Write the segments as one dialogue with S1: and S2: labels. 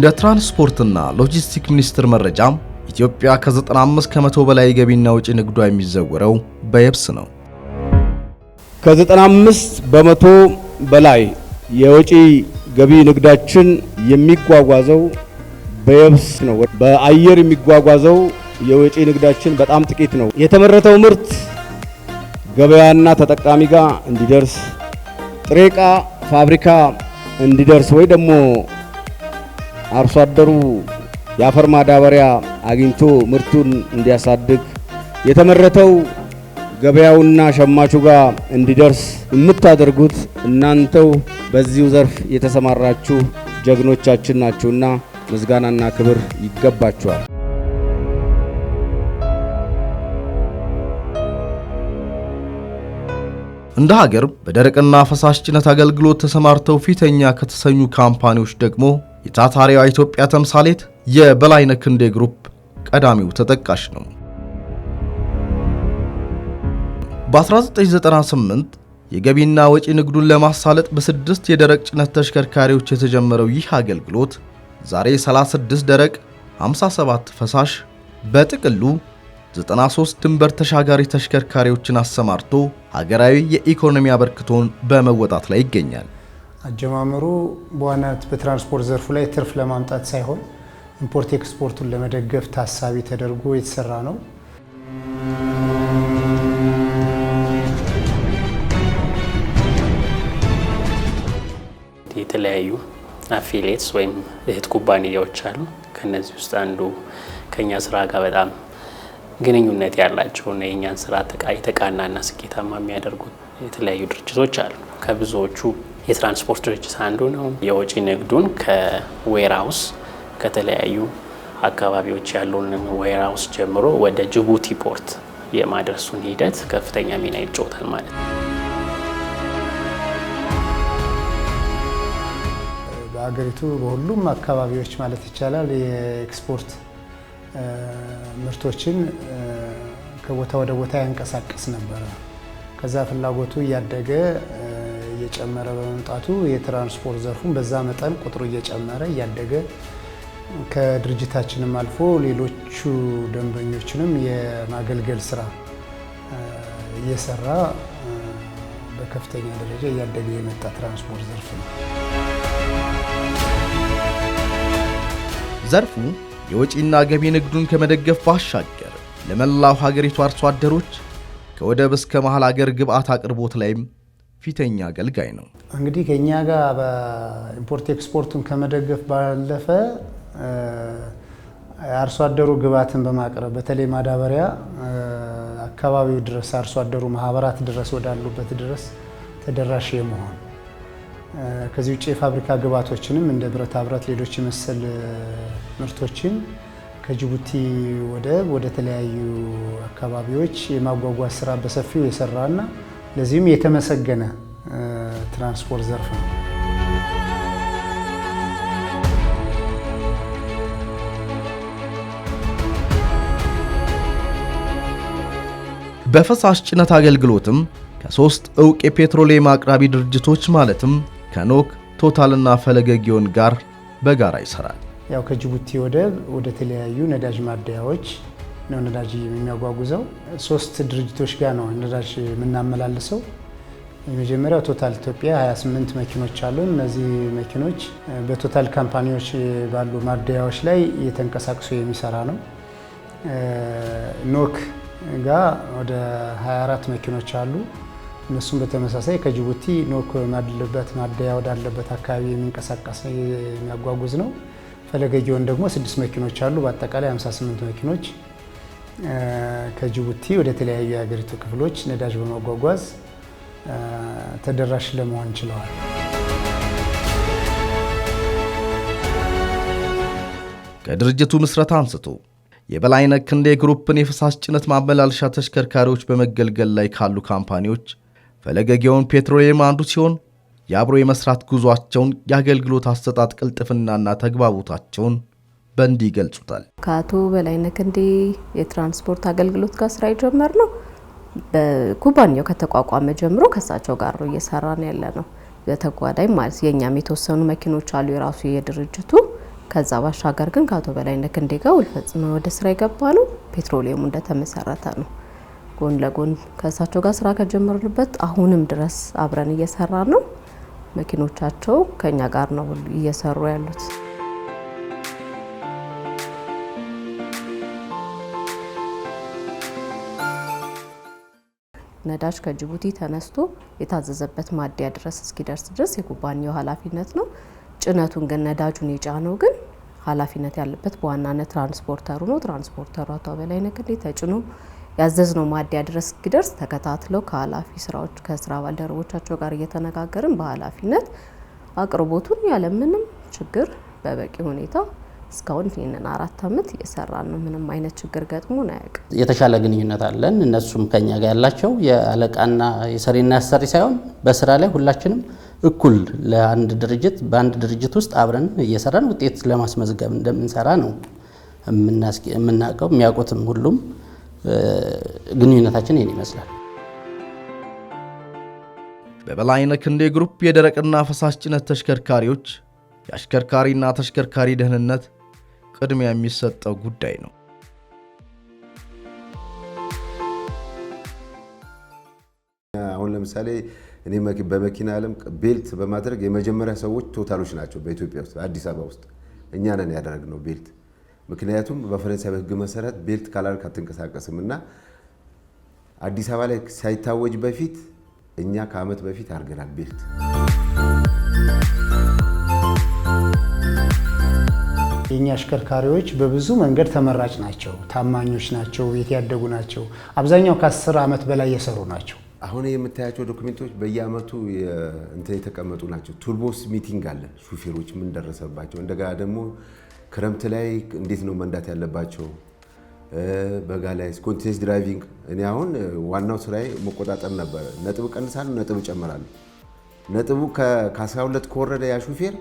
S1: እንደ ትራንስፖርትና ሎጂስቲክ ሚኒስቴር መረጃ ኢትዮጵያ ከ95 ከመቶ በላይ ገቢና ውጪ ንግዷ የሚዘወረው በየብስ ነው።
S2: ከ95 በመቶ በላይ የውጪ ገቢ ንግዳችን የሚጓጓዘው በየብስ ነው። በአየር የሚጓጓዘው የውጪ ንግዳችን በጣም ጥቂት ነው። የተመረተው ምርት ገበያና ተጠቃሚ ጋር እንዲደርስ ጥሬ ዕቃ ፋብሪካ እንዲደርስ ወይ ደግሞ አርሶ አደሩ የአፈር ማዳበሪያ አግኝቶ ምርቱን እንዲያሳድግ የተመረተው ገበያውና ሸማቹ ጋር እንዲደርስ የምታደርጉት እናንተው በዚሁ ዘርፍ የተሰማራችሁ ጀግኖቻችን ናችሁና ምስጋናና ክብር ይገባችኋል።
S1: እንደ ሀገር በደረቅና ፈሳሽ ጭነት አገልግሎት ተሰማርተው ፊተኛ ከተሰኙ ካምፓኒዎች ደግሞ የታታሪዋ ኢትዮጵያ ተምሳሌት የበላይነ ክንዴ ግሩፕ ቀዳሚው ተጠቃሽ ነው። በ1998 የገቢና ወጪ ንግዱን ለማሳለጥ በስድስት የደረቅ ጭነት ተሽከርካሪዎች የተጀመረው ይህ አገልግሎት ዛሬ 36 ደረቅ፣ 57 ፈሳሽ በጥቅሉ 93 ድንበር ተሻጋሪ ተሽከርካሪዎችን አሰማርቶ ሀገራዊ የኢኮኖሚ አበርክቶን በመወጣት ላይ ይገኛል።
S3: አጀማመሩ በዋናነት በትራንስፖርት ዘርፉ ላይ ትርፍ ለማምጣት ሳይሆን ኢምፖርት ኤክስፖርቱን ለመደገፍ ታሳቢ ተደርጎ የተሰራ ነው።
S4: የተለያዩ አፊሌትስ ወይም እህት ኩባንያዎች አሉ። ከነዚህ ውስጥ አንዱ ከኛ ስራ ጋር በጣም ግንኙነት ያላቸውና የእኛን ስራ የተቃናና ስኬታማ የሚያደርጉት የተለያዩ ድርጅቶች አሉ። ከብዙዎቹ የትራንስፖርት ድርጅት አንዱ ነው። የወጪ ንግዱን ከዌራውስ ከተለያዩ አካባቢዎች ያለውን ዌራውስ ጀምሮ ወደ ጅቡቲ ፖርት የማድረሱን ሂደት ከፍተኛ ሚና ይጫወታል ማለት ነው።
S3: በሀገሪቱ በሁሉም አካባቢዎች ማለት ይቻላል የኤክስፖርት ምርቶችን ከቦታ ወደ ቦታ ያንቀሳቀስ ነበረ። ከዛ ፍላጎቱ እያደገ እየጨመረ በመምጣቱ የትራንስፖርት ዘርፉን በዛ መጠን ቁጥሩ እየጨመረ እያደገ ከድርጅታችንም አልፎ ሌሎቹ ደንበኞችንም የማገልገል ስራ እየሰራ በከፍተኛ ደረጃ እያደገ የመጣ ትራንስፖርት ዘርፍ ነው።
S1: ዘርፉ የወጪና ገቢ ንግዱን ከመደገፍ ባሻገር ለመላው ሀገሪቱ አርሶ አደሮች ከወደብ እስከ መሀል ሀገር ግብአት አቅርቦት ላይም ፊተኛ አገልጋይ ነው።
S3: እንግዲህ ከእኛ ጋር በኢምፖርት ኤክስፖርቱን ከመደገፍ ባለፈ አርሶ አደሩ ግብዓትን በማቅረብ በተለይ ማዳበሪያ አካባቢው ድረስ አርሶ አደሩ ማህበራት ድረስ ወዳሉበት ድረስ ተደራሽ የመሆን ከዚህ ውጭ የፋብሪካ ግብዓቶችንም እንደ ብረታ ብረት፣ ሌሎች የመሰል ምርቶችን ከጅቡቲ ወደብ ወደ ተለያዩ አካባቢዎች የማጓጓዝ ስራ በሰፊው የሰራና ለዚህም የተመሰገነ ትራንስፖርት ዘርፍ ነው።
S1: በፈሳሽ ጭነት አገልግሎትም ከሶስት እውቅ የፔትሮሌም አቅራቢ ድርጅቶች ማለትም ከኖክ ቶታልና ፈለገ ጊዮን ጋር በጋራ ይሰራል።
S3: ያው ከጅቡቲ ወደብ ወደ ተለያዩ ነዳጅ ማደያዎች ነው ነዳጅ የሚያጓጉዘው። ሶስት ድርጅቶች ጋር ነው ነዳጅ የምናመላልሰው። የመጀመሪያው ቶታል ኢትዮጵያ 28 መኪኖች አሉ። እነዚህ መኪኖች በቶታል ካምፓኒዎች ባሉ ማደያዎች ላይ እየተንቀሳቅሶ የሚሰራ ነው። ኖክ ጋር ወደ 24 መኪኖች አሉ። እነሱም በተመሳሳይ ከጅቡቲ ኖክ ማድልበት ማደያ ወዳለበት አካባቢ የሚንቀሳቀስ የሚያጓጉዝ ነው። ፈለገ ግዮን ደግሞ ስድስት መኪኖች አሉ። በአጠቃላይ 58 መኪኖች ከጅቡቲ ወደ ተለያዩ የሀገሪቱ ክፍሎች ነዳጅ በማጓጓዝ ተደራሽ ለመሆን ችለዋል።
S1: ከድርጅቱ ምስረታ አንስቶ የበላይነህ ክንዴ ግሩፕን የፈሳሽ ጭነት ማመላለሻ ተሽከርካሪዎች በመገልገል ላይ ካሉ ካምፓኒዎች ፈለገ ግዮን ፔትሮሊየም አንዱ ሲሆን የአብሮ የመስራት ጉዟቸውን የአገልግሎት አሰጣጥ ቅልጥፍናና ተግባቦታቸውን በእንዲህ ይገልጹታል።
S5: ከአቶ በላይነህ ክንዴ የትራንስፖርት አገልግሎት ጋር ስራ የጀመር ነው በኩባንያው ከተቋቋመ ጀምሮ ከእሳቸው ጋር ነው ነው ያለ ነው። በተጓዳኝ ማለት የእኛም የተወሰኑ መኪኖች አሉ የራሱ የድርጅቱ። ከዛ ባሻገር ግን ከአቶ በላይነህ ክንዴ ጋር ውል ፈጽመን ወደ ስራ የገባ ነው። ፔትሮሊየሙ እንደተመሰረተ ነው። ጎን ለጎን ከእሳቸው ጋር ስራ ከጀመርንበት አሁንም ድረስ አብረን እየሰራ ነው። መኪኖቻቸው ከኛ ጋር ነው እየሰሩ ያሉት። ነዳጅ ከጅቡቲ ተነስቶ የታዘዘበት ማደያ ድረስ እስኪደርስ ድረስ የኩባንያው ኃላፊነት ነው። ጭነቱን ግን ነዳጁን የጫነው ግን ኃላፊነት ያለበት በዋናነት ትራንስፖርተሩ ነው። ትራንስፖርተሩ አቶ በላይ ክንዴ ተጭኖ ያዘዝነው ማደያ ድረስ እስኪደርስ ተከታትለው ከኃላፊ ስራዎች ከስራ ባልደረቦቻቸው ጋር እየተነጋገርን በኃላፊነት አቅርቦቱን ያለምንም ችግር በበቂ ሁኔታ እስካሁን ይህንን አራት አመት እየሰራ ነው። ምንም አይነት ችግር ገጥሞ ናያቅ።
S6: የተሻለ ግንኙነት አለን። እነሱም ከኛ ጋር ያላቸው የአለቃና የሰሪና ያሰሪ ሳይሆን በስራ ላይ ሁላችንም እኩል ለአንድ ድርጅት በአንድ ድርጅት ውስጥ አብረን እየሰራን ውጤት ለማስመዝገብ እንደምንሰራ ነው የምናውቀው። የሚያውቁትም ሁሉም ግንኙነታችን ይህን ይመስላል።
S1: በበላይነህ ክንዴ ግሩፕ የደረቅና ፈሳሽ ጭነት ተሽከርካሪዎች የአሽከርካሪና ተሽከርካሪ ደህንነት ቅድሚያ የሚሰጠው ጉዳይ ነው።
S7: አሁን ለምሳሌ እኔ በመኪና ዓለም ቤልት በማድረግ የመጀመሪያ ሰዎች ቶታሎች ናቸው በኢትዮጵያ ውስጥ አዲስ አበባ ውስጥ እኛ ነን ያደረግነው ቤልት። ምክንያቱም በፈረንሳይ ሕግ መሰረት ቤልት ካላደረግ አትንቀሳቀስም እና አዲስ አበባ ላይ ሳይታወጅ በፊት እኛ ከዓመት በፊት አድርገናል ቤልት
S8: የእኛ አሽከርካሪዎች በብዙ መንገድ ተመራጭ ናቸው፣ ታማኞች ናቸው፣ የት ያደጉ ናቸው። አብዛኛው ከአስር ዓመት በላይ የሰሩ ናቸው።
S7: አሁን የምታያቸው ዶክመንቶች በየአመቱ እንትን የተቀመጡ ናቸው። ቱርቦስ ሚቲንግ አለ። ሹፌሮች ምን ደረሰባቸው፣ እንደገና ደግሞ ክረምት ላይ እንዴት ነው መንዳት ያለባቸው፣ በጋ ላይ ድራይቪንግ። እኔ አሁን ዋናው ስራዬ መቆጣጠር ነበረ። ነጥብ ቀንሳለሁ፣ ነጥብ እጨምራለሁ። ነጥቡ ከ12 ከወረደ ያ ሹፌር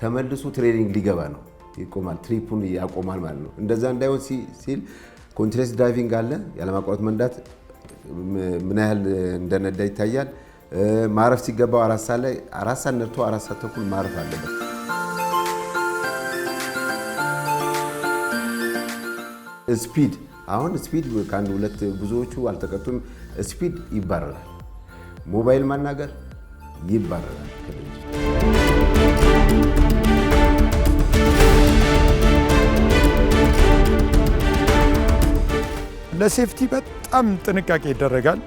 S7: ተመልሶ ትሬኒንግ ሊገባ ነው። ይቆማል፣ ትሪፑን ያቆማል ማለት ነው። እንደዛ እንዳይሆን ሲል ኮንቲኒየስ ድራይቪንግ አለ። ያለማቋረጥ መንዳት ምን ያህል እንደነዳ ይታያል። ማረፍ ሲገባው አራት ሰዓት ላይ አራት ሰዓት ነድቶ አራት ሰዓት ተኩል ማረፍ አለበት። ስፒድ አሁን ስፒድ ከአንድ ሁለት ብዙዎቹ አልተቀጡም። ስፒድ ይባረራል። ሞባይል ማናገር ይባረራል።
S9: ለሴፍቲ በጣም ጥንቃቄ ይደረጋል።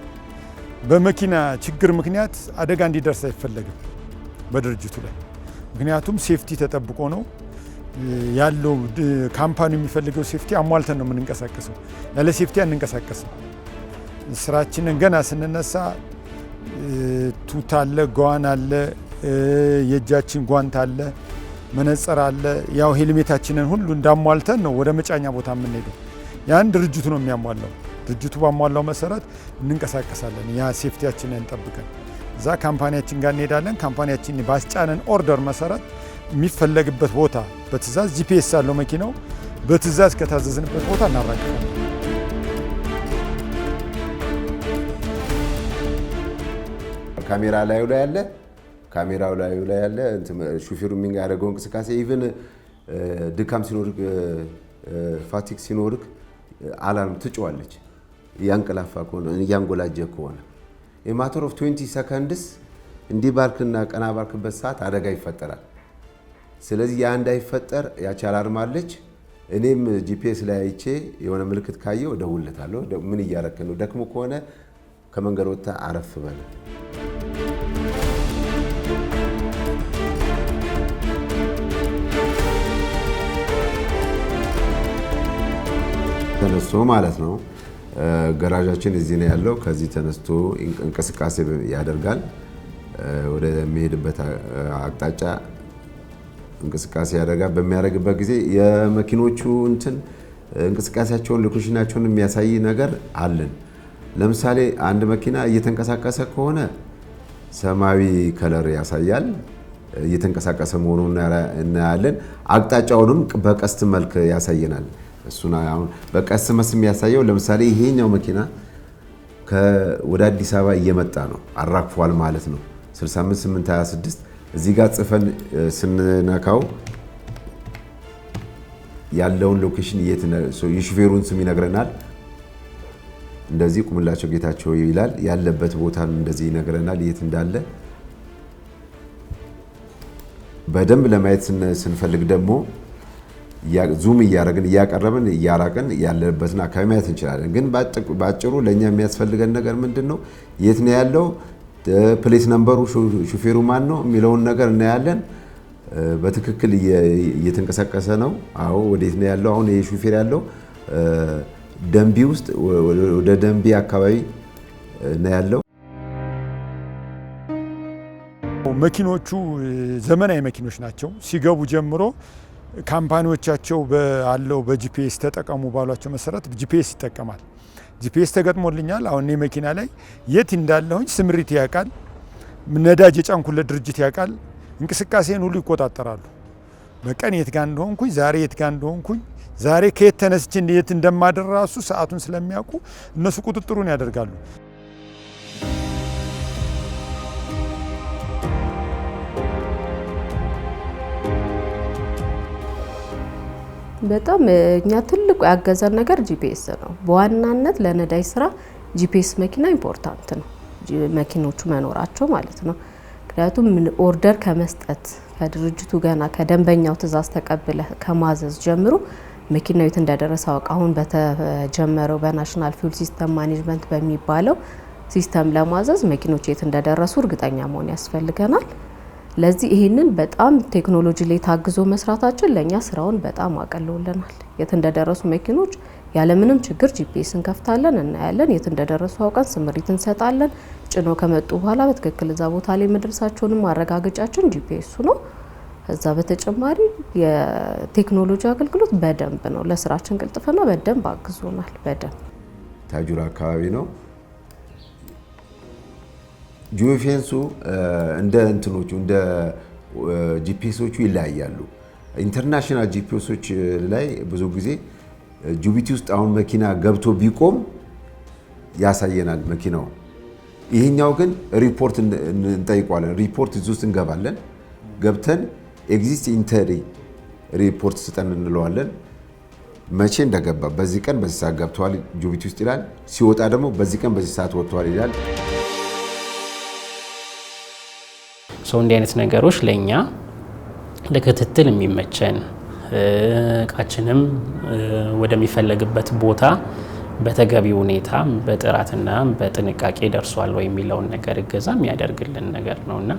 S9: በመኪና ችግር ምክንያት አደጋ እንዲደርስ አይፈለግም በድርጅቱ ላይ ምክንያቱም ሴፍቲ ተጠብቆ ነው ያለው። ካምፓኒ የሚፈልገው ሴፍቲ አሟልተን ነው የምንንቀሳቀሰው። ያለ ሴፍቲ አንንቀሳቀስም። ስራችንን ገና ስንነሳ ቱት አለ፣ ጓን አለ፣ የእጃችን ጓንት አለ፣ መነጽር አለ። ያው ሄልሜታችንን ሁሉ እንዳሟልተን ነው ወደ መጫኛ ቦታ የምንሄደው። ያን ድርጅቱ ነው የሚያሟላው። ድርጅቱ ባሟላው መሰረት እንንቀሳቀሳለን። ያ ሴፍቲያችን ጠብቀን እዛ ካምፓኒያችን ጋር እንሄዳለን። ካምፓኒያችን ባስጫነን ኦርደር መሰረት የሚፈለግበት ቦታ በትእዛዝ ጂፒኤስ ያለው መኪናው በትእዛዝ ከታዘዝንበት ቦታ እናራግፋለን።
S7: ካሜራ ላዩ ላይ ያለ ካሜራው ላዩ ላይ ያለ ሹፌሩ የሚያደርገው እንቅስቃሴ ኢቨን ድካም ሲኖርክ ፋቲክ ሲኖርክ አላርም ትጮዋለች። እያንቀላፋ ከሆነ እያንጎላጀ ከሆነ የማተር ኦፍ 20 ሰከንድስ እንዲህ ባልክና ቀና ባልክበት ሰዓት አደጋ ይፈጠራል። ስለዚህ ያ እንዳይፈጠር ያቺ አላርም አለች። እኔም ጂፒኤስ ላይ አይቼ የሆነ ምልክት ካየው እደውልለታለሁ። ምን እያረክ ነው? ደክሞ ከሆነ ከመንገድ ወጥተህ አረፍ በለ ተነስቶ ማለት ነው። ገራዣችን እዚህ ነው ያለው። ከዚህ ተነስቶ እንቅስቃሴ ያደርጋል። ወደሚሄድበት አቅጣጫ እንቅስቃሴ ያደርጋል። በሚያደርግበት ጊዜ የመኪኖቹ እንትን እንቅስቃሴያቸውን ሎኬሽናቸውን የሚያሳይ ነገር አለን። ለምሳሌ አንድ መኪና እየተንቀሳቀሰ ከሆነ ሰማያዊ ከለር ያሳያል፣ እየተንቀሳቀሰ መሆኑን እናያለን። አቅጣጫውንም በቀስት መልክ ያሳየናል። እሱን አሁን በቃ የሚያሳየው ለምሳሌ ይሄኛው መኪና ወደ አዲስ አበባ እየመጣ ነው፣ አራግፏል ማለት ነው። 65826 እዚህ ጋር ጽፈን ስንነካው ያለውን ሎኬሽን የሹፌሩን ስም ይነግረናል። እንደዚህ ቁምላቸው ጌታቸው ይላል። ያለበት ቦታ እንደዚህ ይነግረናል፣ የት እንዳለ በደንብ ለማየት ስንፈልግ ደግሞ ዙም እያደረግን እያቀረብን እያራቅን ያለበትን አካባቢ ማየት እንችላለን። ግን በአጭሩ ለእኛ የሚያስፈልገን ነገር ምንድን ነው? የት ነው ያለው? ፕሌት ነንበሩ ሹፌሩ ማን ነው የሚለውን ነገር እናያለን። በትክክል እየተንቀሳቀሰ ነው? አዎ። ወዴት ነው ያለው? አሁን ይሄ ሹፌር ያለው ደንቢ ውስጥ ወደ ደንቢ አካባቢ ነው ያለው።
S9: መኪኖቹ ዘመናዊ መኪኖች ናቸው። ሲገቡ ጀምሮ ካምፓኒዎቻቸው አለው በጂፒኤስ ተጠቀሙ ባሏቸው መሰረት ጂፒኤስ ይጠቀማል። ጂፒኤስ ተገጥሞልኛል። አሁን እኔ መኪና ላይ የት እንዳለሁኝ ስምሪት ያውቃል፣ ነዳጅ የጫንኩለት ድርጅት ያውቃል። እንቅስቃሴን ሁሉ ይቆጣጠራሉ። በቀን የት ጋር እንደሆንኩኝ፣ ዛሬ የት ጋር እንደሆንኩኝ፣ ዛሬ ከየት ተነስቼ የት እንደማደር ራሱ ሰዓቱን ስለሚያውቁ እነሱ ቁጥጥሩን ያደርጋሉ።
S5: በጣም እኛ ትልቁ ያገዘን ነገር ጂፒኤስ ነው። በዋናነት ለነዳጅ ስራ ጂፒኤስ መኪና ኢምፖርታንት ነው፣ መኪኖቹ መኖራቸው ማለት ነው። ምክንያቱም ኦርደር ከመስጠት ከድርጅቱ ገና ከደንበኛው ትእዛዝ ተቀብለ ከማዘዝ ጀምሮ መኪናው የት እንደደረሰ አውቅ አሁን በተጀመረው በናሽናል ፊውል ሲስተም ማኔጅመንት በሚባለው ሲስተም ለማዘዝ መኪኖች የት እንደደረሱ እርግጠኛ መሆን ያስፈልገናል። ለዚህ ይሄንን በጣም ቴክኖሎጂ ላይ ታግዞ መስራታችን ለእኛ ስራውን በጣም አቀለውልናል። የት እንደደረሱ መኪኖች ያለምንም ችግር ጂፒኤስ እንከፍታለን፣ እናያለን። የት እንደደረሱ አውቀን ስምሪት እንሰጣለን። ጭኖ ከመጡ በኋላ በትክክል እዛ ቦታ ላይ መድረሳቸውንም ማረጋገጫችን ጂፒኤሱ ነው። እዛ በተጨማሪ የቴክኖሎጂ አገልግሎት በደንብ ነው ለስራችን ቅልጥፍና በደንብ አግዞናል። በደንብ
S7: ታጁራ አካባቢ ነው ጂኦፌንሱ እንደ እንትኖቹ እንደ ጂፒኤሶቹ ይለያያሉ። ኢንተርናሽናል ጂፒኤሶች ላይ ብዙ ጊዜ ጅቡቲ ውስጥ አሁን መኪና ገብቶ ቢቆም ያሳየናል መኪናው። ይህኛው ግን ሪፖርት እንጠይቋለን። ሪፖርት እዚህ ውስጥ እንገባለን። ገብተን ኤግዚስት ኢንተሪ ሪፖርት ስጠን እንለዋለን። መቼ እንደገባ በዚህ ቀን በዚህ ሰዓት ገብተዋል ጅቡቲ ውስጥ ይላል። ሲወጣ ደግሞ በዚህ ቀን በዚህ ሰዓት ወጥተዋል ይላል።
S4: ሰው እንዲህ አይነት ነገሮች ለእኛ ለክትትል የሚመቸን እቃችንም ወደሚፈለግበት ቦታ በተገቢ ሁኔታ በጥራትና በጥንቃቄ ደርሷል ወይ የሚለውን ነገር እገዛ የሚያደርግልን ነገር ነው እና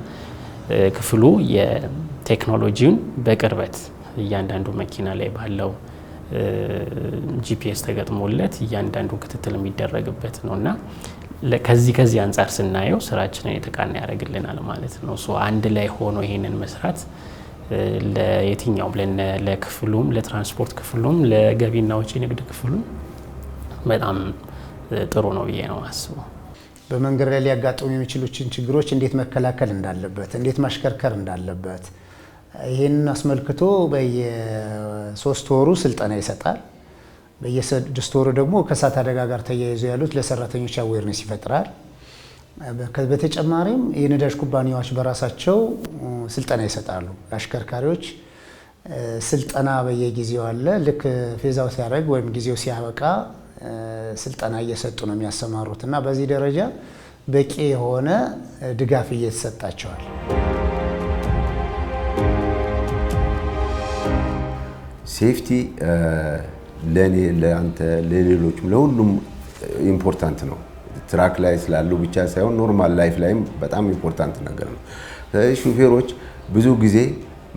S4: ክፍሉ የቴክኖሎጂውን በቅርበት እያንዳንዱ መኪና ላይ ባለው ጂፒኤስ ተገጥሞለት እያንዳንዱ ክትትል የሚደረግበት ነው እና ከዚህ ከዚህ አንጻር ስናየው ስራችንን የተቃና ያደርግልናል ማለት ነው። አንድ ላይ ሆኖ ይሄንን መስራት ለየትኛውም ለክፍሉም፣ ለትራንስፖርት ክፍሉም፣ ለገቢና ወጪ ንግድ ክፍሉም በጣም ጥሩ ነው ብዬ ነው አስበው።
S8: በመንገድ ላይ ሊያጋጥሙ የሚችሉችን ችግሮች እንዴት መከላከል እንዳለበት፣ እንዴት ማሽከርከር እንዳለበት ይህንን አስመልክቶ በየሶስት ወሩ ስልጠና ይሰጣል። በየስድስት ወሩ ደግሞ ከእሳት አደጋ ጋር ተያይዞ ያሉት ለሰራተኞች አዌርነስ ይፈጥራል። በተጨማሪም የነዳጅ ኩባንያዎች በራሳቸው ስልጠና ይሰጣሉ። አሽከርካሪዎች ስልጠና በየጊዜው አለ። ልክ ፌዛው ሲያደርግ ወይም ጊዜው ሲያበቃ ስልጠና እየሰጡ ነው የሚያሰማሩት እና በዚህ ደረጃ በቂ የሆነ ድጋፍ እየተሰጣቸዋል።
S7: ሴፍቲ ለእኔ ለአንተ ለሌሎችም ለሁሉም ኢምፖርታንት ነው። ትራክ ላይ ስላሉ ብቻ ሳይሆን ኖርማል ላይፍ ላይም በጣም ኢምፖርታንት ነገር ነው። ሹፌሮች ብዙ ጊዜ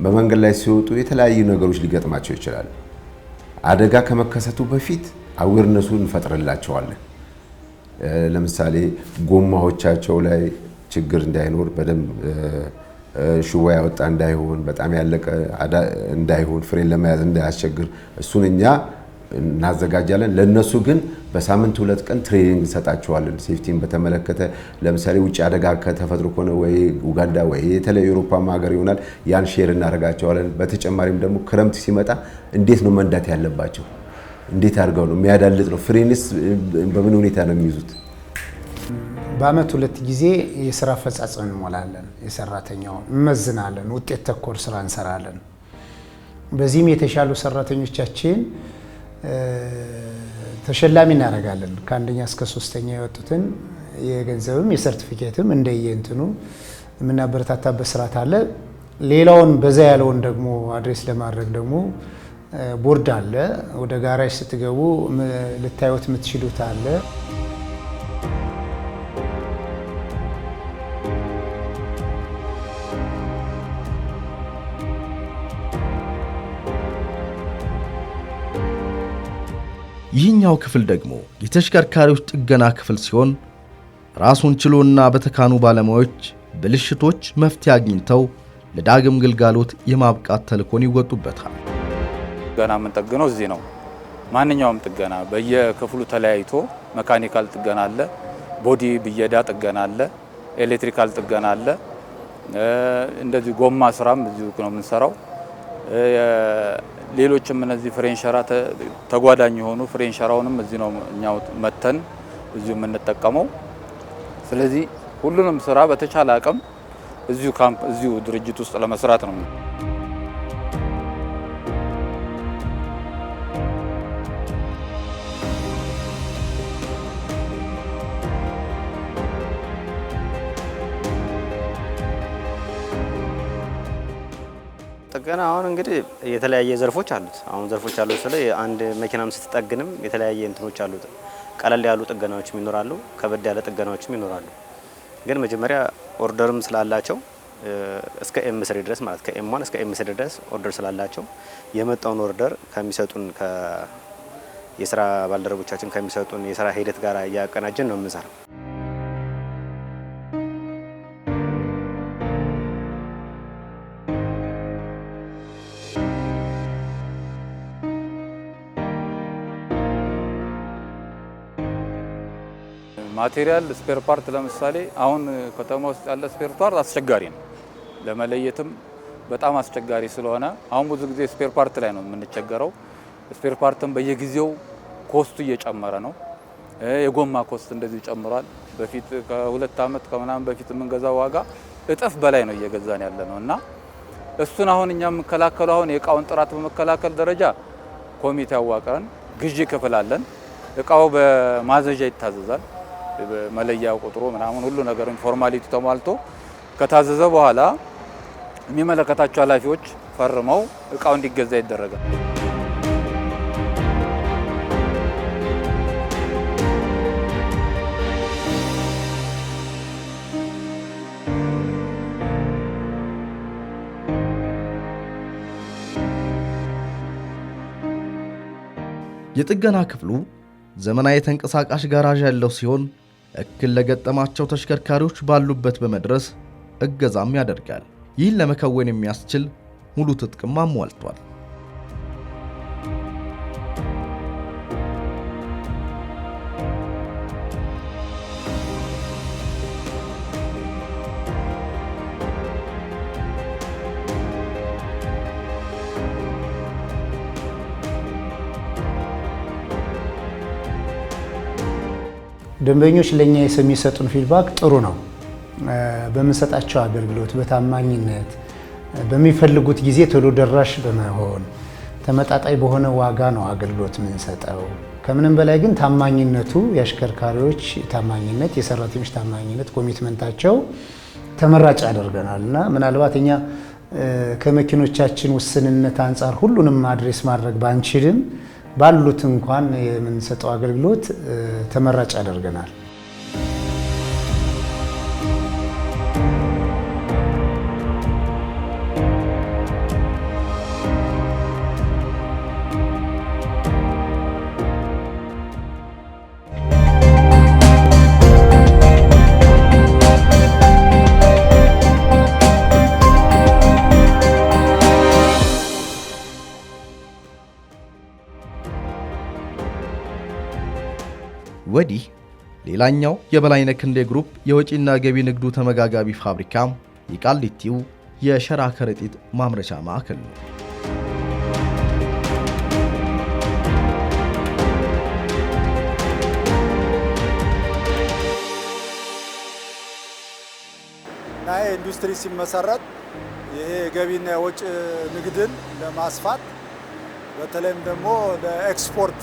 S7: በመንገድ ላይ ሲወጡ የተለያዩ ነገሮች ሊገጥማቸው ይችላል። አደጋ ከመከሰቱ በፊት አዌርነሱ እንፈጥርላቸዋለን። ለምሳሌ ጎማዎቻቸው ላይ ችግር እንዳይኖር በደንብ ሽቦ ያወጣ እንዳይሆን፣ በጣም ያለቀ እንዳይሆን፣ ፍሬን ለመያዝ እንዳያስቸግር እሱን እኛ እናዘጋጃለን። ለእነሱ ግን በሳምንት ሁለት ቀን ትሬኒንግ እንሰጣቸዋለን። ሴፍቲን በተመለከተ ለምሳሌ ውጭ አደጋ ከተፈጥሮ ከሆነ ወይ ኡጋንዳ ወይ የተለያዩ የአውሮፓ ሀገር ይሆናል፣ ያን ሼር እናደርጋቸዋለን። በተጨማሪም ደግሞ ክረምት ሲመጣ እንዴት ነው መንዳት ያለባቸው፣ እንዴት አድርገው ነው የሚያዳልጥ ነው፣ ፍሬንስ በምን ሁኔታ ነው የሚይዙት።
S3: በአመት ሁለት ጊዜ የስራ አፈጻጸም እንሞላለን። የሰራተኛው እንመዝናለን። ውጤት ተኮር ስራ እንሰራለን። በዚህም የተሻሉ ሰራተኞቻችን ተሸላሚ እናደርጋለን። ከአንደኛ እስከ ሶስተኛ የወጡትን የገንዘብም የሰርቲፊኬትም እንደየንትኑ የምናበረታታበት ስርዓት አለ። ሌላውን በዛ ያለውን ደግሞ አድሬስ ለማድረግ ደግሞ ቦርድ አለ። ወደ ጋራጅ ስትገቡ ልታዩት የምትችሉት አለ።
S1: ይህኛው ክፍል ደግሞ የተሽከርካሪዎች ጥገና ክፍል ሲሆን ራሱን ችሎና በተካኑ ባለሙያዎች ብልሽቶች መፍትሄ አግኝተው ለዳግም ግልጋሎት የማብቃት ተልእኮን ይወጡበታል።
S10: ጥገና የምንጠግነው እዚህ ነው። ማንኛውም ጥገና በየክፍሉ ተለያይቶ መካኒካል ጥገና አለ፣ ቦዲ ብየዳ ጥገና አለ፣ ኤሌክትሪካል ጥገና አለ። እንደዚሁ ጎማ ስራም እዚሁ ነው የምንሰራው። ሌሎችም እነዚህ ፍሬን ሸራ ተጓዳኝ የሆኑ ፍሬን ሸራውንም እዚህ ነው እኛው መተን እዚሁ የምንጠቀመው። ስለዚህ ሁሉንም ስራ በተቻለ አቅም እዚሁ ካምፕ እዚሁ ድርጅት ውስጥ ለመስራት ነው።
S11: ጥገና አሁን እንግዲህ የተለያየ ዘርፎች አሉት። አሁን ዘርፎች አሉት ስለ አንድ መኪናም ስትጠግንም የተለያየ እንትኖች አሉት። ቀለል ያሉ ጥገናዎችም ይኖራሉ፣ ከበድ ያለ ጥገናዎችም ይኖራሉ። ግን መጀመሪያ ኦርደርም ስላላቸው እስከ ኤም ስሪ ድረስ ማለት ከኤም ዋን እስከ ኤም ስሪ ድረስ ኦርደር ስላላቸው የመጣውን ኦርደር ከሚሰጡን የስራ ባልደረቦቻችን ከሚሰጡን የስራ ሂደት ጋር እያቀናጀን ነው የምንሰራው።
S12: ማቴሪያል ስፔር ፓርት ለምሳሌ አሁን ከተማ ውስጥ ያለ ስፔር ፓርት አስቸጋሪ ነው፣ ለመለየትም በጣም አስቸጋሪ ስለሆነ አሁን ብዙ ጊዜ ስፔር ፓርት ላይ ነው የምንቸገረው። ስፔር ፓርትም በየጊዜው ኮስቱ እየጨመረ ነው። የጎማ ኮስት እንደዚህ ጨምሯል። በፊት ከሁለት ዓመት ከምናምን በፊት የምንገዛው ዋጋ እጥፍ በላይ ነው እየገዛን ያለ ነው እና እሱን አሁን እኛ የምከላከሉ አሁን የእቃውን ጥራት በመከላከል ደረጃ ኮሚቴ አዋቅረን ግዢ ክፍል አለን። እቃው በማዘዣ ይታዘዛል። መለያው ቁጥሩ ምናምን ሁሉ ነገር ፎርማሊቲ ተሟልቶ ከታዘዘ በኋላ የሚመለከታቸው ኃላፊዎች ፈርመው እቃው እንዲገዛ ይደረጋል።
S1: የጥገና ክፍሉ ዘመናዊ ተንቀሳቃሽ ጋራዥ ያለው ሲሆን እክል ለገጠማቸው ተሽከርካሪዎች ባሉበት በመድረስ እገዛም ያደርጋል። ይህን ለመከወን የሚያስችል ሙሉ ትጥቅም አሟልቷል።
S8: ደንበኞች ለእኛ የሚሰጡን ፊድባክ ጥሩ ነው። በምንሰጣቸው አገልግሎት በታማኝነት በሚፈልጉት ጊዜ ቶሎ ደራሽ በመሆን ተመጣጣኝ በሆነ ዋጋ ነው አገልግሎት የምንሰጠው። ከምንም በላይ ግን ታማኝነቱ የአሽከርካሪዎች ታማኝነት፣ የሰራተኞች ታማኝነት፣ ኮሚትመንታቸው ተመራጭ ያደርገናል እና ምናልባት እኛ ከመኪኖቻችን ውስንነት አንጻር ሁሉንም አድሬስ ማድረግ ባንችልም ባሉት እንኳን የምንሰጠው አገልግሎት ተመራጭ ያደርገናል።
S1: ሌላኛው የበላይነህ ክንዴ ግሩፕ የወጪና ገቢ ንግዱ ተመጋጋቢ ፋብሪካ የቃሊቲው የሸራ ከረጢት ማምረቻ ማዕከል ነው።
S13: እና ይሄ ኢንዱስትሪ ሲመሰረት ይሄ የገቢና የወጭ ንግድን ለማስፋት በተለይም ደግሞ ለኤክስፖርት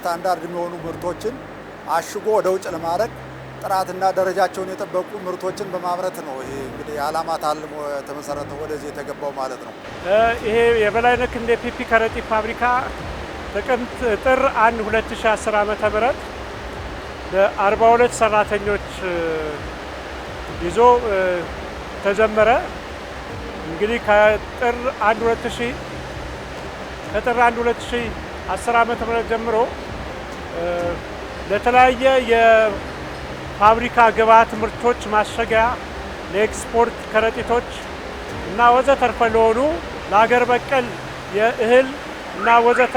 S13: ስታንዳርድ የሚሆኑ ምርቶችን አሽጎ ወደ ውጭ ለማድረግ ጥራትና ደረጃቸውን የጠበቁ ምርቶችን በማምረት ነው። ይሄ እንግዲህ የዓላማ ታልሞ የተመሰረተው ወደዚህ የተገባው ማለት ነው።
S14: ይሄ የበላይነህ ክንዴ ፒፒ ከረጢት ፋብሪካ ጥቅምት ጥር 1 2010 ዓ ም በ42 ሰራተኞች ይዞ ተጀመረ። እንግዲህ ከጥር 1 2000 ከጥር 1 2010 ዓ ም ጀምሮ ለተለያየ የፋብሪካ ግብዓት ምርቶች ማሸጊያ፣ ለኤክስፖርት ከረጢቶች እና ወዘተርፈ ለሆኑ ለሀገር በቀል የእህል እና ወዘተ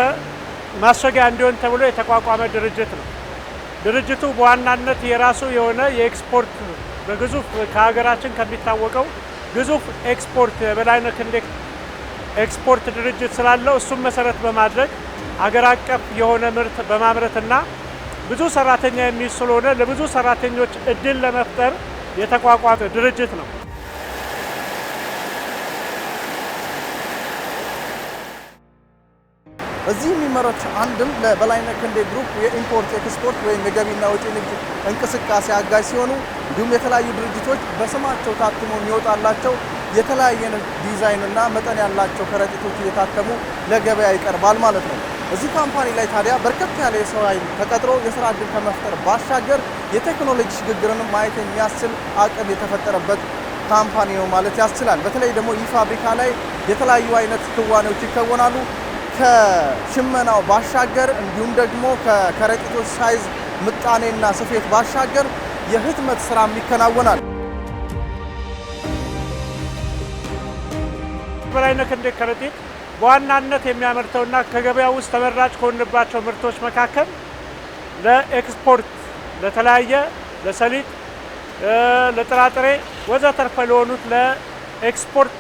S14: ማሸጊያ እንዲሆን ተብሎ የተቋቋመ ድርጅት ነው። ድርጅቱ በዋናነት የራሱ የሆነ የኤክስፖርት በግዙፍ ከሀገራችን ከሚታወቀው ግዙፍ ኤክስፖርት የበላይነት ኢንዴክስ ኤክስፖርት ድርጅት ስላለው እሱም መሰረት በማድረግ አገር አቀፍ የሆነ ምርት በማምረትና ብዙ ሰራተኛ የሚይዝ ስለሆነ ለብዙ ሰራተኞች እድል ለመፍጠር የተቋቋመ ድርጅት ነው።
S15: እዚህ የሚመረት አንድም ለበላይነህ ክንዴ ግሩፕ የኢምፖርት ኤክስፖርት ወይም የገቢና ወጪ ንግድ እንቅስቃሴ አጋዥ ሲሆኑ እንዲሁም የተለያዩ ድርጅቶች በስማቸው ታትሞ የሚወጣላቸው የተለያየን ዲዛይን እና መጠን ያላቸው ከረጢቶች እየታተሙ ለገበያ ይቀርባል ማለት ነው። እዚህ ካምፓኒ ላይ ታዲያ በርከት ያለ የሰው ኃይል ተቀጥሮ የስራ እድል ከመፍጠር ባሻገር የቴክኖሎጂ ሽግግርንም ማየት የሚያስችል አቅም የተፈጠረበት ካምፓኒ ነው ማለት ያስችላል። በተለይ ደግሞ ይህ ፋብሪካ ላይ የተለያዩ አይነት ክዋኔዎች ይከወናሉ። ከሽመናው ባሻገር እንዲሁም ደግሞ ከከረጢቶች ሳይዝ ምጣኔና ስፌት ባሻገር የህትመት ስራም ይከናወናል።
S14: እንደ ከረጢት በዋናነት የሚያመርተውና ከገበያ ውስጥ ተመራጭ ከሆንባቸው ምርቶች መካከል ለኤክስፖርት ለተለያየ ለሰሊጥ፣ ለጥራጥሬ ወዘተርፈ ለሆኑት ለኤክስፖርት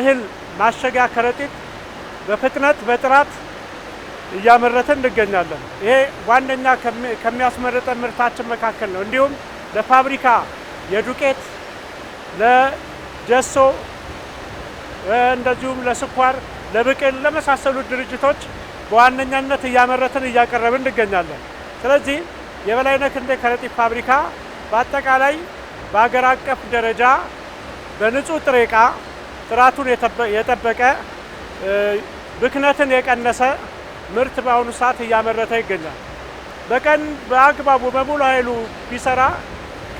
S14: እህል ማሸጊያ ከረጢት በፍጥነት በጥራት እያመረትን እንገኛለን። ይሄ ዋነኛ ከሚያስመርጠን ምርታችን መካከል ነው። እንዲሁም ለፋብሪካ የዱቄት ለጀሶ እንደዚሁም ለስኳር ለብቅል ለመሳሰሉት ድርጅቶች በዋነኛነት እያመረትን እያቀረብን እንገኛለን። ስለዚህ የበላይነህ ክንዴ ከረጢት ፋብሪካ በአጠቃላይ በሀገር አቀፍ ደረጃ በንጹህ ጥሬ እቃ ጥራቱን የጠበቀ ብክነትን የቀነሰ ምርት በአሁኑ ሰዓት እያመረተ ይገኛል። በቀን በአግባቡ በሙሉ ኃይሉ ቢሰራ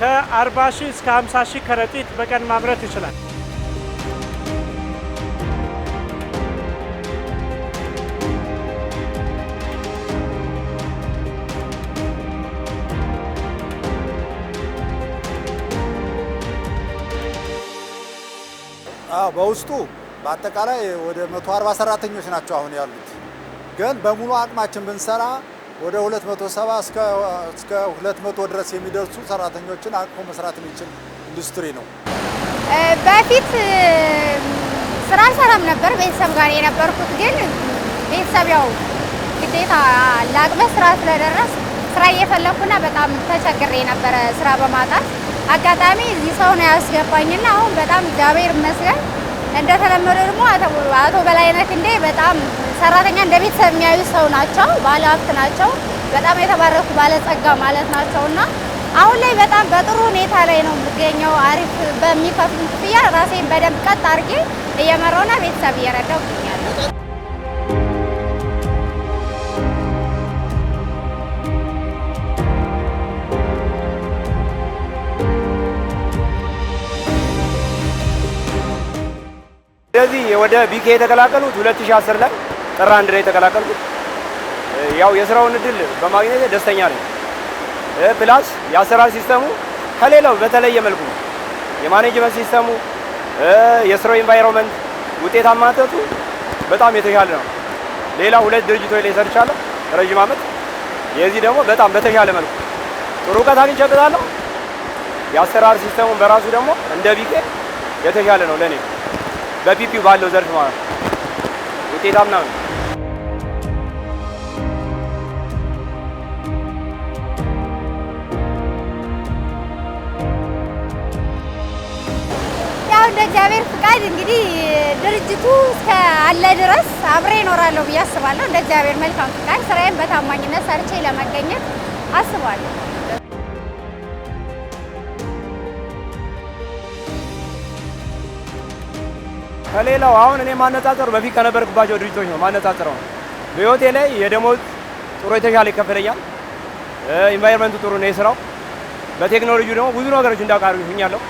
S14: ከ40 ሺህ እስከ 50 ሺህ ከረጢት በቀን ማምረት ይችላል።
S16: በውስጡ በአጠቃላይ ወደ 140 ሰራተኞች ናቸው አሁን ያሉት። ግን በሙሉ አቅማችን ብንሰራ ወደ 270 እስከ እስከ 200 ድረስ የሚደርሱ ሰራተኞችን አቅፎ መስራት የሚችል ኢንዱስትሪ ነው።
S17: በፊት ስራ አልሰራም ነበር ቤተሰብ ጋር የነበርኩት። ግን ቤተሰብ ያው ግዴታ ለአቅመ ስራ ስለደረስ ስራ እየፈለኩና በጣም ተቸግሬ ነበረ ስራ በማጣት አጋጣሚ እዚህ ሰው ነው ያስገባኝና አሁን በጣም እግዚአብሔር ይመስገን። እንደተለመደ ደግሞ አቶ በላይነት እንዴ በጣም ሰራተኛ እንደ ቤተሰብ የሚያዩ ሰው ናቸው፣ ባለሀብት ናቸው፣ በጣም የተባረኩ ባለጸጋ ማለት ናቸው እና አሁን ላይ በጣም በጥሩ ሁኔታ ላይ ነው የምገኘው። አሪፍ በሚከፍሉን ክፍያ ራሴን በደንብ ቀጥ አድርጌ እየመራውና ቤተሰብ እየረዳው ይገኛለሁ።
S18: ስለዚህ ወደ ቢኬ የተቀላቀሉት 2010 ላይ ጥር አንድ ላይ የተቀላቀልኩት ያው የስራውን እድል በማግኘት ደስተኛ ነኝ። ፕላስ የአሰራር ሲስተሙ ከሌላው በተለየ መልኩ ነው። የማኔጅመንት ሲስተሙ፣ የስራው ኢንቫይሮንመንት አማተቱ በጣም የተሻለ ነው። ሌላ ሁለት ድርጅቶች ላይ ሰርቻለሁ ረዥም ዓመት። የዚህ ደግሞ በጣም በተሻለ መልኩ ጥሩ እውቀት አግኝቼበታለሁ። የአሰራር ሲስተሙን በራሱ ደግሞ እንደ ቢኬ የተሻለ ነው ለእኔ። በፒፒው ባለው ዘርፍ ማለት ነው ውጤታም ነው።
S17: ያው እንደ እግዚአብሔር ፍቃድ እንግዲህ ድርጅቱ እስከ አለ ድረስ አብሬ እኖራለሁ ብዬ አስባለሁ። እንደ እግዚአብሔር መልካም ፍቃድ ስራዬን በታማኝነት ሰርቼ ለመገኘት አስባለሁ።
S19: ከሌላው አሁን እኔ ማነጻጸሩ በፊት ከነበርኩባቸው ድርጅቶች ነው ማነጻጸረው። በህይወቴ ላይ የደሞዝ ጥሩ የተሻለ ይከፈለኛል። ኢንቫይሮንመንቱ ጥሩ ነው የስራው። በቴክኖሎጂ ደግሞ ብዙ ነገሮች እንዳውቅ ይሁኛለሁ።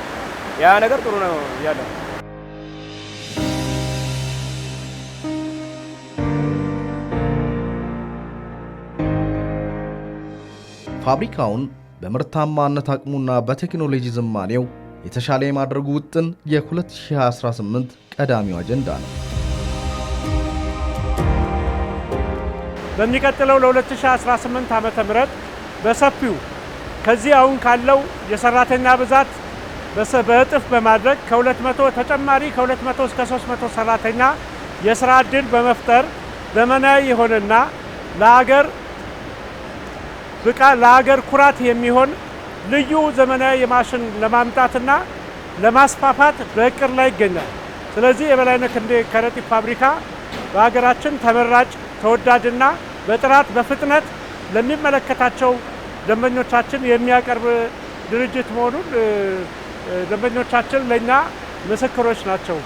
S19: ያ ነገር ጥሩ ነው ያለው።
S1: ፋብሪካውን በምርታማነት አቅሙና በቴክኖሎጂ ዝማኔው የተሻለ የማድረጉ ውጥን የ2018 ቀዳሚው አጀንዳ ነው።
S14: በሚቀጥለው ለ2018 ዓ ም በሰፊው ከዚህ አሁን ካለው የሰራተኛ ብዛት በእጥፍ በማድረግ ከ200 ተጨማሪ ከ200 እስከ 300 ሰራተኛ የስራ እድል በመፍጠር ዘመናዊ የሆነና ለሀገር ብቃ ለሀገር ኩራት የሚሆን ልዩ ዘመናዊ የማሽን ለማምጣትና ለማስፋፋት በእቅድ ላይ ይገኛል። ስለዚህ የበላይነህ ክንዴ ከረጢት ፋብሪካ በሀገራችን ተመራጭ ተወዳጅና በጥራት በፍጥነት ለሚመለከታቸው ደንበኞቻችን የሚያቀርብ ድርጅት መሆኑን ደንበኞቻችን ለእኛ ምስክሮች ናቸው።